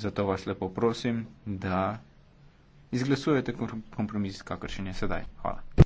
Zato vas lepo prosim, da izglasujete kompromis, kakršen je sedaj. Hvala.